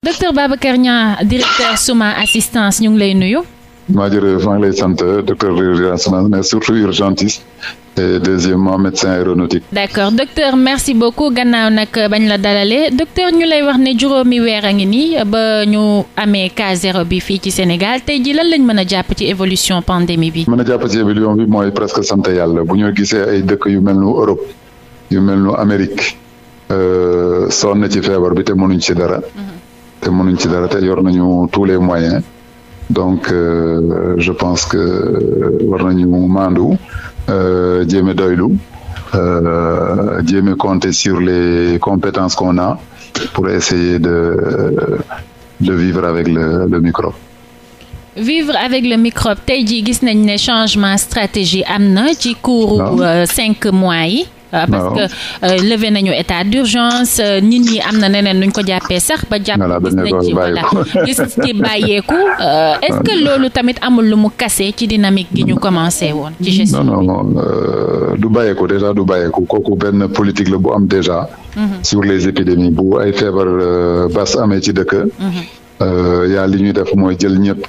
docteur Babacar Niang directeur Souma assistance ñu ngi lay nuyu. maa jërëjëf maa ngi lay sant docteur d'urgence mais surtout urgentiste et deuxièmement médecin aéronautique. d' accord docteur merci beaucoup gannaaw nag bañ la dalalee docteur ñu lay wax ne juróomi weer a ngi nii ba ñu amee cas zéro bi fii ci Sénégal tey ji lan lañ mën a jàpp ci évolution pandémie bi. mën a jàpp ci évolution bi mooy presque sant yàlla bu ñu gisee ay dëkk yu mel nu Europe yu mel nu Amérique euh, sonn ci feebar bi te mënuñ ci dara. Mhm. te mënuñ ci dara te yor nañu tous les moyens donc euh, je pense que euh, war nañu maandu euh, jéem a doylu euh, jéem a compter sur les compétences qu'on a pour essayer de de vivre avec le le microbe. vivre avec le microbe tey jii gis nañ ne changement stratégie am na. ci kuuru cinq mois yi. Euh, parce que euh, levé nañu état d'urgence euh, nit ñi am na neneen nuñ ko jàppee sax ba jàpp gis nañ ci voilà gis ci bàyyeeku est-ce que loolu tamit amul lu mu kase ci dynamique gi ñu commencé woon ci gestion non non non du bàyyeeku déjà du bàyyeeku kooku benn politique la bu am déjà mhm. sur les épidémies bu ay feebar bas amee ci dëkk mhm. yaa li ñuy def mooy jël ñëpp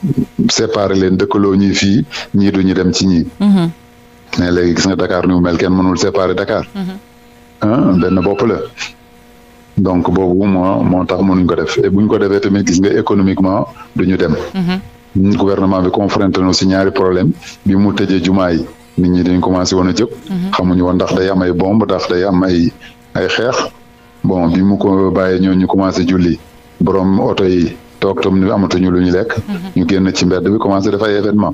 séparer leen dëkkaloo ñi fii ñii duñu dem ci ñii mhm. mais léegi gis nga Dakar ni mu mel kenn mënul séparer Dakar. Mm-hmm. ah benn bopp la. donc boobu moo moo tax mënuñ ko def et buñ ko defee tamit gis nga économiquement du ñu dem. Mm-hmm. gouvernement bi confronté na si ñaari problème bi mu tëjee jumaa yi nit ñi dañ commencé woon a jóg. Mm-hmm. xamuñu woon ndax day am ay bomb ndax day am ay ay xeex bon bi mu ko bàyyee ñoo ñu commencé julli borom oto yi toog tam amatuñu lu ñu lekk. ñu génn ci mbedd bi commencé defa ay événement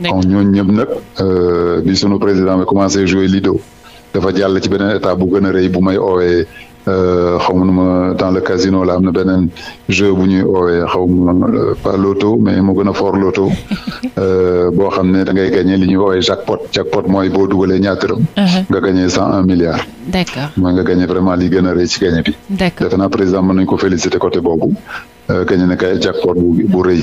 kon ñooñu ñëpp nag euh, bi sunu président bi commencé jouer Lido dafa jàll ci beneen état bu gën a rëy bu may oowee euh, xaw ma dans le casino la am na beneen jeu bu ñuy oowee xaw ma euh, pas loto mais mu gën a fort loto boo xam ne da ngay gagné li ñuy oowee jackpot jackpot mooy boo dugalee ñaata dërëm uh-huh. nga gagné cent un milliard. d'accord mooy nga gagné vraiment li gën a rëy ci gagné bi. d'accord defe naa président mën nañu ko féliciter côté boobu gagné na kay jackpot bu bu rëy.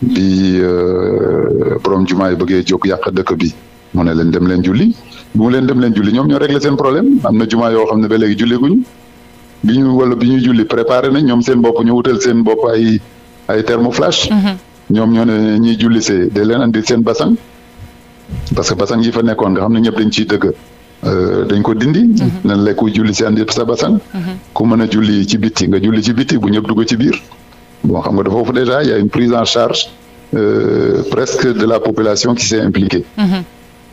bi euh, borom jumaa yi bëggee jóg yàq dëkk bi mu ne leen dem leen julli bu mu leen dem leen julli ñoom ñoo réglé seen problème am na jumaa yoo xam ne ba léegi julli guñu bi ñu wala bi ñuy julli préparé nañ ñu wutal seen bopp ay ay thermoflash mhm. ñoom ñoo ne ñiy julli see de leen andi seen basang parce que basang yi fa nekkoon nga xam ne ñëpp dañ ciy dëgg euh, dañ ko dindi. Mhm. nan la julli si andi sa basang. Mhm. ku mën a julli ci bitti nga julli ci bitti bu ñëpp dugg ci biir. bon xam nga de foofu déjà il a une prise en charge euh, presque de la population qui s'est impliquée mhm.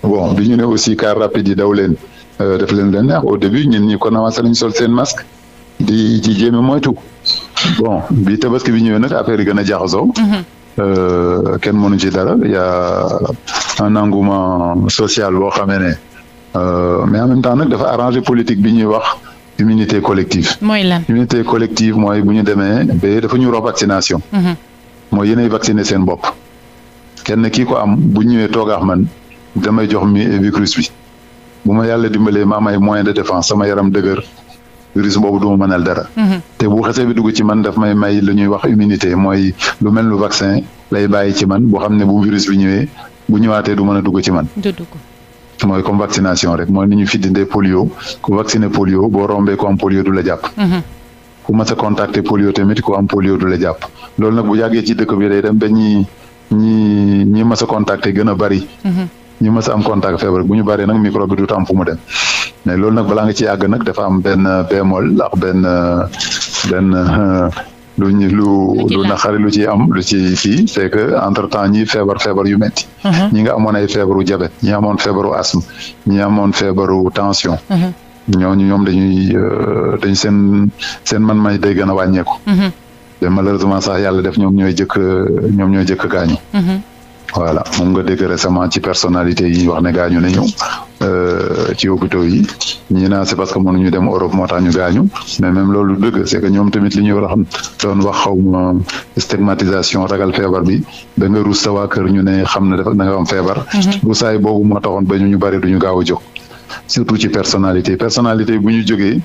bon bi ñu ne aussi car rapide yi daw leen euh, def leen leen neex au début ñun ñi commencé nañ sol seen masque di ci jéem a bon bi tabaski bi ñëwee nag affaire yi ken a jaxasoo mhm. euh, kenn mënu ci dara a un engouement social boo xamee ne a en même temps nag dafa arrangé politique bi ñuy wax immunité collective. mooy lan immunité collective mooy bu ñu demee ba dafa ñu rob vaccination. Mm-hmm. mooy yéenay vacciner seen bopp. kenn kii ko am bu ñëwee toogaax man damay jox mi virus bi bu ma yàlla dimbalee ma am ay moyens de défense sama yaram dëgër virus boobu du ma mënal dara. Mm-hmm. te bu xasee bi dugg ci man daf may may lu ñuy wax immunité mooy lu mel lu vaccin lay bàyyi ci man boo xam ne bu virus bi ñëwee bu ñëwaatee du mën a dugg ci man. mooy comme vaccination rek mooy ni ñu fi dindee polio ku vacciner polio boo rombee ku am polio du la jàpp. Mhm. ku a contacter polio tamit ku am polio du la jàpp loolu nag bu yàggee ci dëkk bi day dem ba ñi ñi ñi mas a contacter gën a bari. Mhm. ñi mas a am contact feebar bu ñu nag microbe bi du tam fu mu dem mais loolu nag balaa nga ci àgg nag dafa am benn bémol ak benn benn. lu ñu lu lu lu ci am lu ci fii c'est que entre ñi feebar feebar yu metti mhm. ñi nga amoon ay feebaru diabète ñi amoon feebaru asthme ñi amoon feebaru tension mhm. ñooñu ñoom dañuy euh, dañ seen seen man may day gën a wàññeeku. Mhm. te malheureusement sax yàlla def ñoom ñoo jëkk ñoom ñooy jëkk gaañu voilà moom nga dégg récemment ci personalité yi wax ne gaañu nañu euh, ci hôpitaux yi ñi naa c'est parce que moon mënuñu dem Europe moo tax ñu gaañu mais même loolu dëgg c'est que ñoom tamit li ñu war a xam doon wax xaw stigmatisation ragal feebar bi da nga ruus sa waa kër ñu ne xam ne dafa da nga feebar ruusaay mhm. boobu moo ba ñu ñu bari duñu gaaw a jóg surtout ci personnalité personnalité bu ñu jógee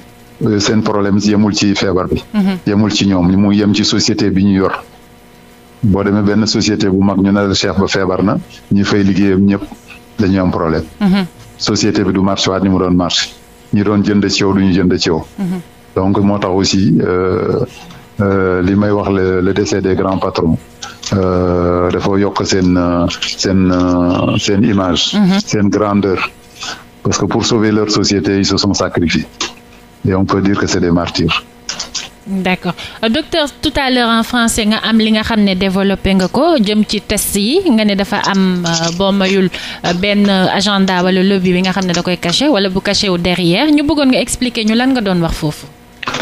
euh, seen problème yemul ci feebar bi mhm. yemul ci ñoom mu yem ci société bi ñu yor boo demee benn société bu mag ñu ne la chef ba feebar na ñi fay liggéeyam ñëpp dañuy am problème. Mm-hmm. société bi du marché waat ni mu doon marché ñi doon jënd ci yow du ñu jënd ci mm-hmm. donc moo tax aussi euh, euh, li may wax le le décès des grands patrons. Euh, dafa yokk seen seen seen image. Mm-hmm. seen grandeur. parce que pour sauver leur société ils se sont sacrifiés et on peut dire que c'est des martir d'accord docteur tout à l'heure en français nga am li nga xam ne développé nga ko jëm ci test yi nga ne dafa am euh, boo mayul euh, benn agenda wala lobby bi nga xam ne da koy caché wala bu caché wu derrière ñu bëggoon nga expliquer ñu lan nga doon wax foofu.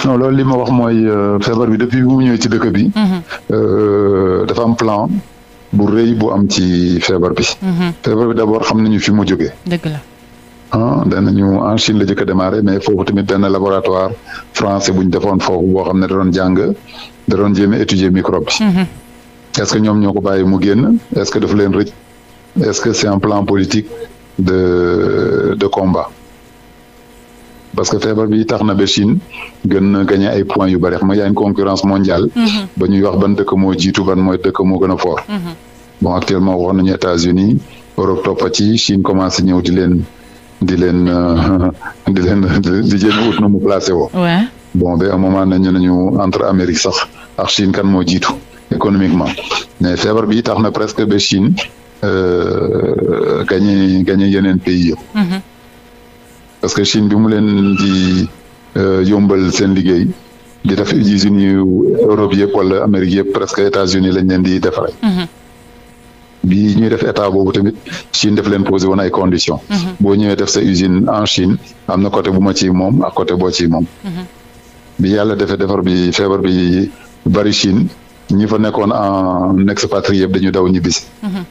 non loolu li ma wax mooy euh, feebar bi depuis bi mu ñëwee ci dëkk bi. Mhm. dafa am plan bu rëy bu am ci feebar bi. Mhm. feebar bi d'abord xam nañu fi mu jógee. dëgg la. ah ñu en Chine la jëkk a démarré mais foofu tamit benn laboratoire français bu ñu defoon foofu boo xam ne da doon jàng da doon jéem a étudier microbe mm-hmm. est ce que ñoom ñoo ko bàyyi mu génn est ce que daf leen rëcc est ce que c' est un plan politique de combat parce que feebar bi tax na ba Chine gën na gagné ay points yu bari xam nga y concurrence mondiale. Mm-hmm. ba ñuy wax ban dëkk moo jiitu ban mooy dëkk moo gën a fort. Mm-hmm. bon actuellement waxoon nañu États-Unis Europe topp commencé ñëw di leen. di leen di leen di jéem a ut nu a placé woo. bon ba un moment nañu entre Amérique sax ak Chine kan moo jiitu économiquement mais feebar bi tax na presque ba Chine gañe euh, gañe yeneen pays yëpp. Mm-hmm. parce que Chine bi mu leen di euh, yombal seen liggéey di def usines yu Europe yëpp wala Amérique yëpp presque États-Unis lañ leen di defaree. Mm-hmm. bi ñuy def état boobu tamit Chine def leen posé woon ay conditions. Mhm. boo ñëwee def sa usine en Chine am na côté bu ma ciy moom boo ciy moom. Mhm. bi yàlla defee defar bi feebar bi bari Chine ñi fa nekkoon en expatrié yëpp dañu daw ñibbisi. Mhm.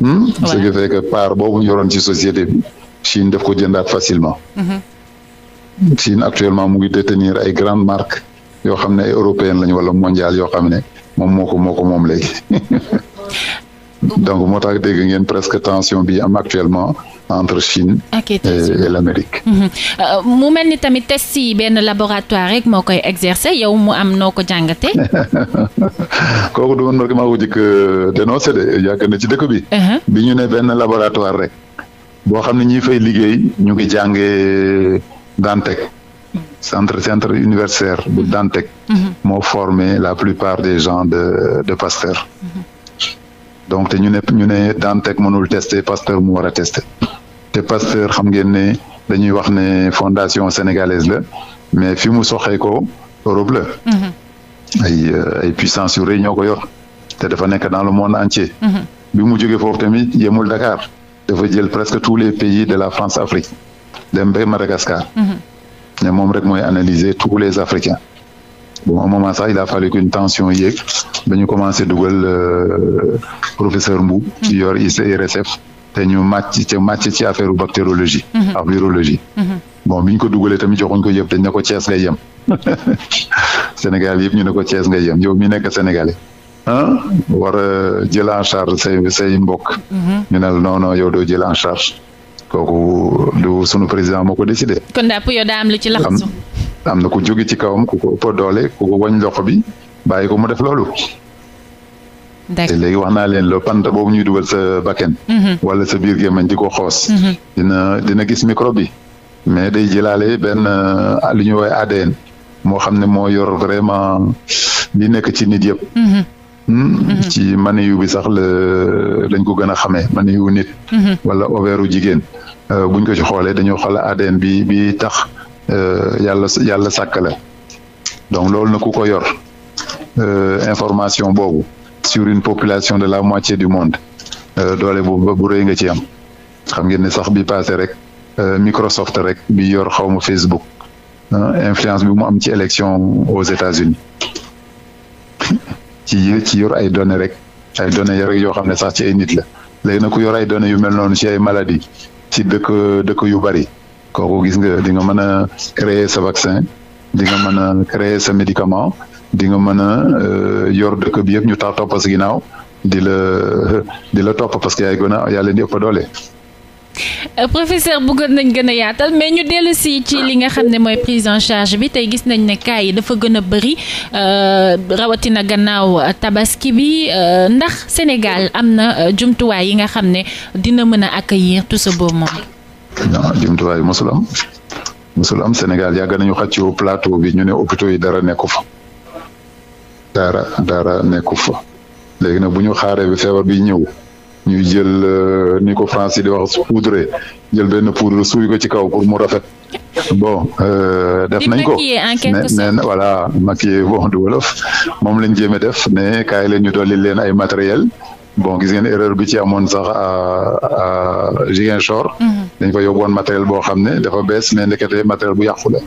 Hmm? ce qui fait que part boobu ñu yoroon ci société bi Chine daf ko jëndaat facilement. Chine actuellement mu ngi détenir ay grandes marques yoo xam ne ay européennes lañu wala mondial yoo xam ne moom moo ko moo ko moom léegi. donc moo tax dégg ngeen presque tension bi am actuellement entre Chine okay, et, et l'Amérique mhm. euh, mu mel ni tamit test yi benn laboratoire rek moo koy exercer yow mu am noo ko jàngate kooku du man ma maa ko jëkk euh, dénoncé de yàgg na ci dëkk bi uh-huh. bi ñu ne benn laboratoire rek boo xam ne ñi fay liggéey ñu ngi jàngee Dantec centre centre universitaire bu mhm. Dantec mhm. moo formé la plupart des gens de de Pasteur donc te ñu ne ñu ne Dantec mënul tester Pasteur mu war a tester te Pasteur xam ngeen ne dañuy wax ne fondation sénégalaise la mais fi mu soxee ko Europe la. Mm-hmm. ay euh, ay puissance yu rëy ko yor te dafa nekk dans le monde entier. Mm-hmm. bi mu jógee foofu tamit yemul Dakar dafa jël presque tous les pays de la France Afrique de ba Madagascar. mais mm-hmm. moom rek mooy analyser tous les Africains. bon un moment sax il a fallu qu'une tension yéeg ba ñu commencé dugal euh, professeur Mbou ci yor IRSF te ñu màcc te màcc ci affaire bactérologie mm-hmm. ak virologie mm-hmm. bon bi ko dugalee tamit joxuñ ko yëpp dañ ne ko Thiès ngay yem Sénégal yëpp ñu ne ko Thiès ngay yem yow mi nekk Sénégalais ah war a jël en charge say say mbokk. Mm-hmm. ñu ne la non non yow doo jël en charge kooku sunu président moo ko décidé. kon daal yow daa am lu ci laxasu. am na ku jóge ci kawam ku ko ëpp doole ku ko wañ loxo bi bàyyi ko mu def loolu. te léegi wax naa leen loo pant boobu ñuy dugal sa bakken. Mhm. wala sa biir gémmañ di ko xoos. Mhm. dina dina gis microbe bi. mais day jëlaale benn euh, li ñuy woowee ADN. moo xam ne moo yor vraiment li nekk ci nit yëpp. Mhm. Hmm? ci maniyu bi sax la lañ ko gën a xamee maniyu nit. wala ovaire jigéen. Euh, buñ ko ci xoolee dañoo xool ADN bi bi tax. Euh, yàlla yàlla sàkk la donc loolu na ku ko yor euh, information boobu sur une population de la moitié du monde euh, doole bu bu rëy nga ci am xam ngeen ne sax bi passé rek Microsoft rek bi yor xaw xawma Facebook influence bi mu am ci élection aux États-Unis ci ci yor ay données rek ay données rek yoo xam ne sax ci ay nit la léegi nag ku yor ay données yu mel noonu ci ay maladie ci dëkk dëkk yu bari kooku gis nga di nga mën a créer sa vaccin di nga mën a créer sa médicament di nga mën a euh, yor dëkk bi yëpp ñu tax toppa si ginnaaw di la di la topp parce que yaay gën a yaa leen di ëpp doole. Euh, professeur bëggoon nañ gën a yaatal mais ñu dellu si ci li nga xam ne mooy prise en charge bi tey gis nañ ne cas yi dafa gën a bëri euh, rawatina gannaaw tabaski bi ndax Sénégal am na jumtuwaay yi nga xam ne dina mën a accueillir tout ce beau monde. jumtuwaay yi mosul am mosul am Sénégal yàgg nañu xàccoo plateau bi ñu ne hôpitaux yi dara nekku fa dara dara nekku fa léegi nag bu ñu xaaree bi feebar bi ñëw ñu jël euh, ni ko France yi di wax poudre jël benn poudre suuy ko ci kaw pour mu rafet bon euh, def nañ ko ne wala maquillé bon du wolof moom lañ jéem a def ne kaay leen ñu dolli leen ay matériel bon gis ngeen erreur bi ci amoon sax à à Ziguinchor. Mhm. dañ fa yóbbu matériel boo xam ne dafa bees mais ndekete matériel bu yàqu la.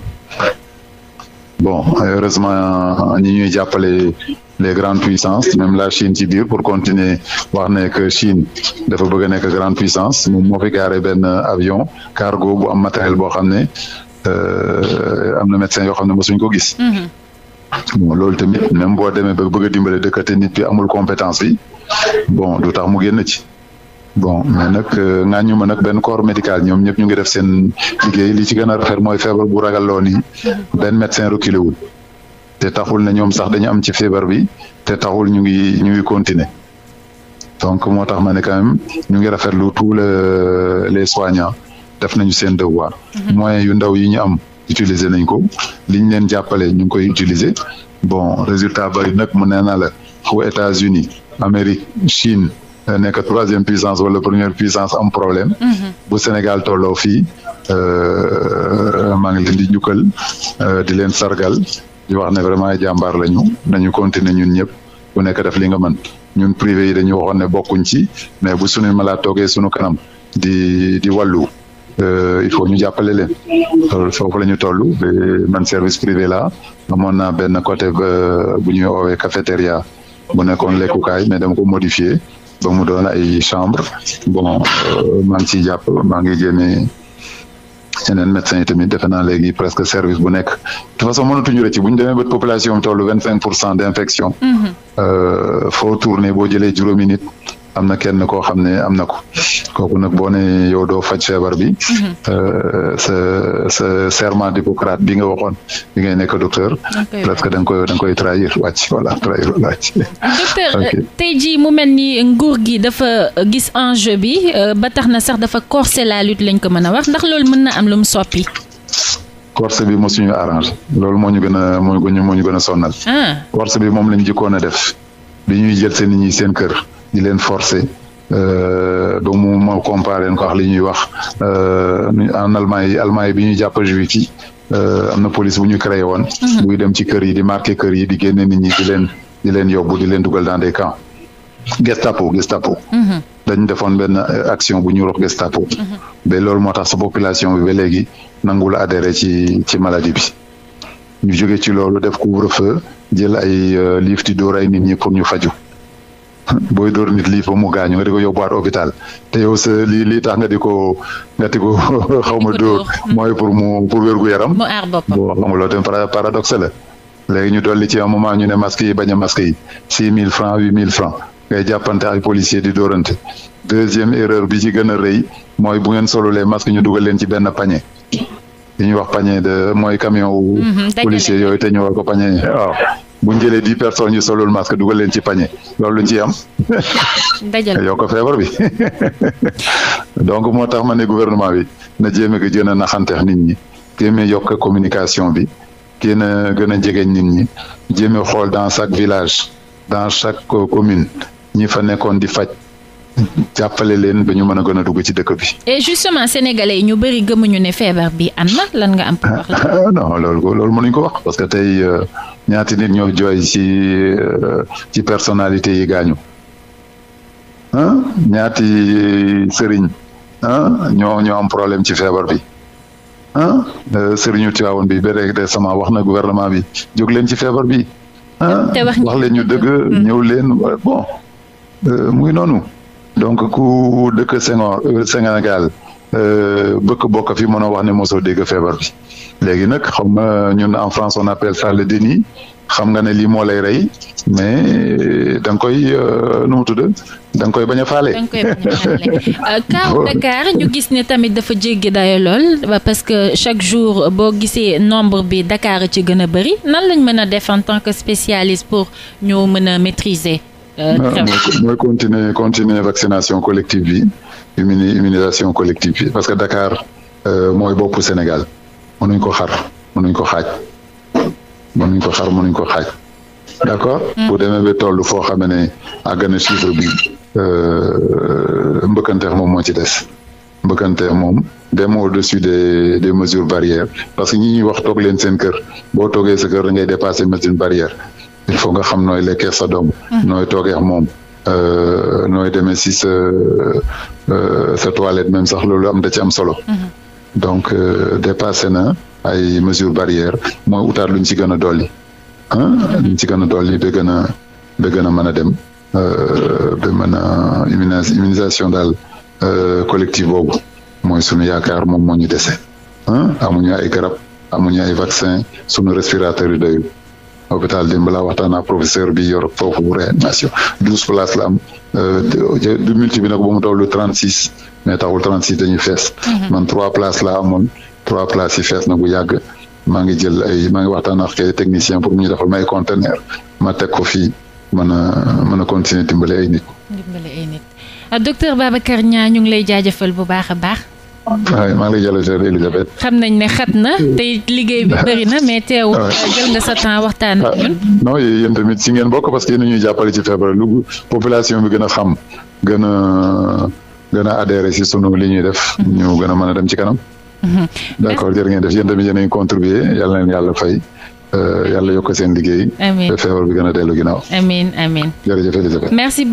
bon heureusement ñi ñuy jàppale les grandes puissances même la Chine ci biir pour continuer wax ne que Chine dafa bëgg a nekk grande puissance moom moo fi gaare benn avion cargo bu am matériel boo xam ne euh, am na médecin yoo xam ne mosuñ ko gis. Mhm. bon loolu tamit même boo demee ba bëgg dimbale dimbale dëkkate nit bi amul compétence bi. bon du tax mu génn ci bon mais nag ngaa euh, ñu ma nag benn corps médical ñoom ñëpp ñu ngi def seen liggéey li ci gën a rafet mooy feebar bu ragal loo ni benn médecin reculé wul te taxul ne ñoom sax dañu am ci feebar bi te taxul ñu ngi ñu ngi donc moo tax ma ne quand ñu ngi rafetlu tous le les soignants def nañu seen devoir mhm. moyens yu ndaw yi ñu am utiliser nañ ko liñ ñu leen jàppale ñu ngi koy utiliser bon résultat bari nag mu nee na la xu États-Unis Amérique Chine euh, nekk troisième puissance wala première puissance am problème. Mhm. bu Sénégal tolloo fii euh, maa ngi leen di njukkal euh, di leen sargal di wax ne vraiment jàmbaar lañu nañu continuer ñun ñëpp bu nekk def li nga mën ñun privé yi dañu waxoon ne bokkuñ ci mais bu suñu malaa toogee suñu kanam di di wàllu. Euh, il faut ñu jàppale leen foofu la ñu toll man service privé la amoon naa benn côté bu ñuy woowee cafétéria mu nekkoon lekkukaay mais dama ko modifié ba mu doon ay chambre bon euh, maa ngi ciy jàpp maa ngi génne yeneen médecins yi tamit defe naa léegi presque service bu nekk de toute façon mënatuñu rëcc bu ñu demee ba population bi toll vingt cinq pour cent d' infection. Mhm. Euh, foo tourné boo jëlee juróomi nit. am na kenn koo xam ne am na ko kooku nag boo ne yow doo faj feebar bi mhm. sa sa serment d'Hippocrate bi nga waxoon bi ngay nekk docteur presque da koy da nga koy trahir wàcc voilà trahir wàcc docteur euh, tey jii mu mel ni nguur gi dafa gis enjeu bi euh, ba tax na sax dafa corser la lutte lañ ko mën a wax ndax loolu mën na am lu mu soppi corse bi moo suñu arrangé loolu moo ñu gën a moo ñu moo ñu gën a sonnal ah. corse bi moom lañ jikkoon a def bi ñuy jël seen nit seen kër di leen forcer euh, donc mu ma comparé leen ko wax li ñuy wax euh, en Allemagne yi Allemagne bi ñuy jàpp juif yi euh, am na police bu ñu créé woon. Mhm. buy dem ci kër yi di marqué kër yi di génne nit ñi di leen di leen yóbbu di leen dugal dans des camps Gestapo Gestapo. Mhm. dañ defoon benn action bu ñu rox Gestapo. Mhm. mais loolu moo tax sa population bi ba léegi nangu la adhéré ci ci maladie bi. ñu jóge ci loolu def couvre-feu jël ay liif di dóor ay nit ñi pour ñu faju booy door nit lii fa mu gaañu nga di ko yóbbuwaat hôpital te yow sa lii lii tax nga di ko nga ko xaw ma dóor mooy pour mu pour wér gu yaram. mu aar boppam boo xam nga la. léegi ñu dolli ci un moment ñu ne masques yi bañ a masques yi six mille francs huit mille francs ngay jàppante ay policier di doorante deuxième erreur bi ci gën a rëy mooy bu ngeen solulee masque ñu dugal leen ci benn pañe li ñuy wax panier de mooy kamion wu. Mhm, policier yooyu te ñu war ko panier waaw. bu ñu jëlee dix personnes yu solul masque dugal leen ci panier loolu luñ ci am. dajal yokk feebar bi donc moo tax ma ne gouvernement bi na jéem a gën a naxanteex nit ñi jéem a yokk communication bi gën a gën a jege nit ñi jéem xool dans chaque village dans chaque commune ñi fa nekkoon di faj. jàppale leen ba ñu mën a gën a dugg ci dëkk bi. et justement sénégalais yi ñu bëri gëmuñu ne feebar bi am na lan nga am. pour wax la ah, ah, non loolu loolu mënuñ ko wax parce que tey euh, ñaati nit ñoo joy ci euh, ci personnalité yi gaañu ah, ñaati sëriñ ah ñoo ñoo am problème ci feebar bi. a euh, sëriñu Tivaouane bi ba récemment wax na gouvernement bi jóg leen ci feebar bi. te wax leen ñu dëgg. Hmm. ñëw leen bon muy noonu. donc ku dëkk Senghor euh, Sénégal euh, bëkk bokk fi mën a wax ne mosoo dégg feebar bi léegi nag xam na ñun en France on appelle ça le xam nga ne lii moo lay rey mais euh, da nga koy nu mu tudd da nga koy bañ a faale. kaw Dakar ñu gis ne tamit dafa jéggi day lool parce que chaque jour boo gisee nombre bi a ci gën a bëri nan lañ mën a def en tant que spécialiste pour ñoo mën a maîtriser. Euh, mooy continuer continuer vaccination collective bi immuni immunisation collective bi parce que Dakar euh, mooy boppu Sénégal mënuñ ko xar mënuñ ko xaaj mënuñ ko xar mënuñ ko xaaj d'accord mm. bu demee ba toll foo xam ne àgg na chiffre bi euh, mbëkkanteex moom moo ci des mbëkkanteex moom dem au-dessus des des mesures barrières parce que ñi ñuy wax toog leen seen kër boo toogee sa kër a ngay dépasser mesure barrière il faut nga xam nooy lekkee sa doom mm-hmm. nooy toogeex moom euh, nooy demee si sa euh, sa toilette même sax loolu am da ci am solo mm-hmm. donc euh, dépassé na ay mesures barrières mooy utaat luñ ci gën a dolli ah, mm-hmm. luñ ci gën a dolli ba gën a ba gën a mën a dem ba mën a immunisation daal collective boobu mooy suñu yaakaar moom moo ñu dese ah, amuñu ay garab amuñu ay vaccin sunu respirateur yi doyul hôpital Dembala waxtaan professeur bi yor foofu réanimation douze places la am euh, du multiplié na ko ba mu toll trente six mais taxul trente mhm. man trois places la amoon trois places yi fees na bu yàgg maa ngi jël ay maa ngi waxtaan ak ay technicien pour ñu defal may conteneur ma teg ko fii mën a mën a continuer dimbale ay nit. dimbale ay nit docteur ngi lay jaajëfal bu baax a baax. waaw maa ngi lay jàllale Elisabeth. xam nañ ne xat na te liggéey bi bëri na mais teewul ah. jël nga sa temps waxtaan ak ah. ñun. non yéen tamit ngeen bokk parce que yéen ñuy jàppale ci feebar lu population bi gën a xam gën a gën a si sunu li ñuy def. Mhm. ñu gën a mën a dem ci kanam. Mhm. d' accord ngeen def yéen tamit yéen a ngi contribué yàlla leen yàlla fay. Euh, yàlla yokk seen liggéey. amiin feebar bi gën dellu ginnaaw. amiin amiin jërëjëf Elisabeth. merci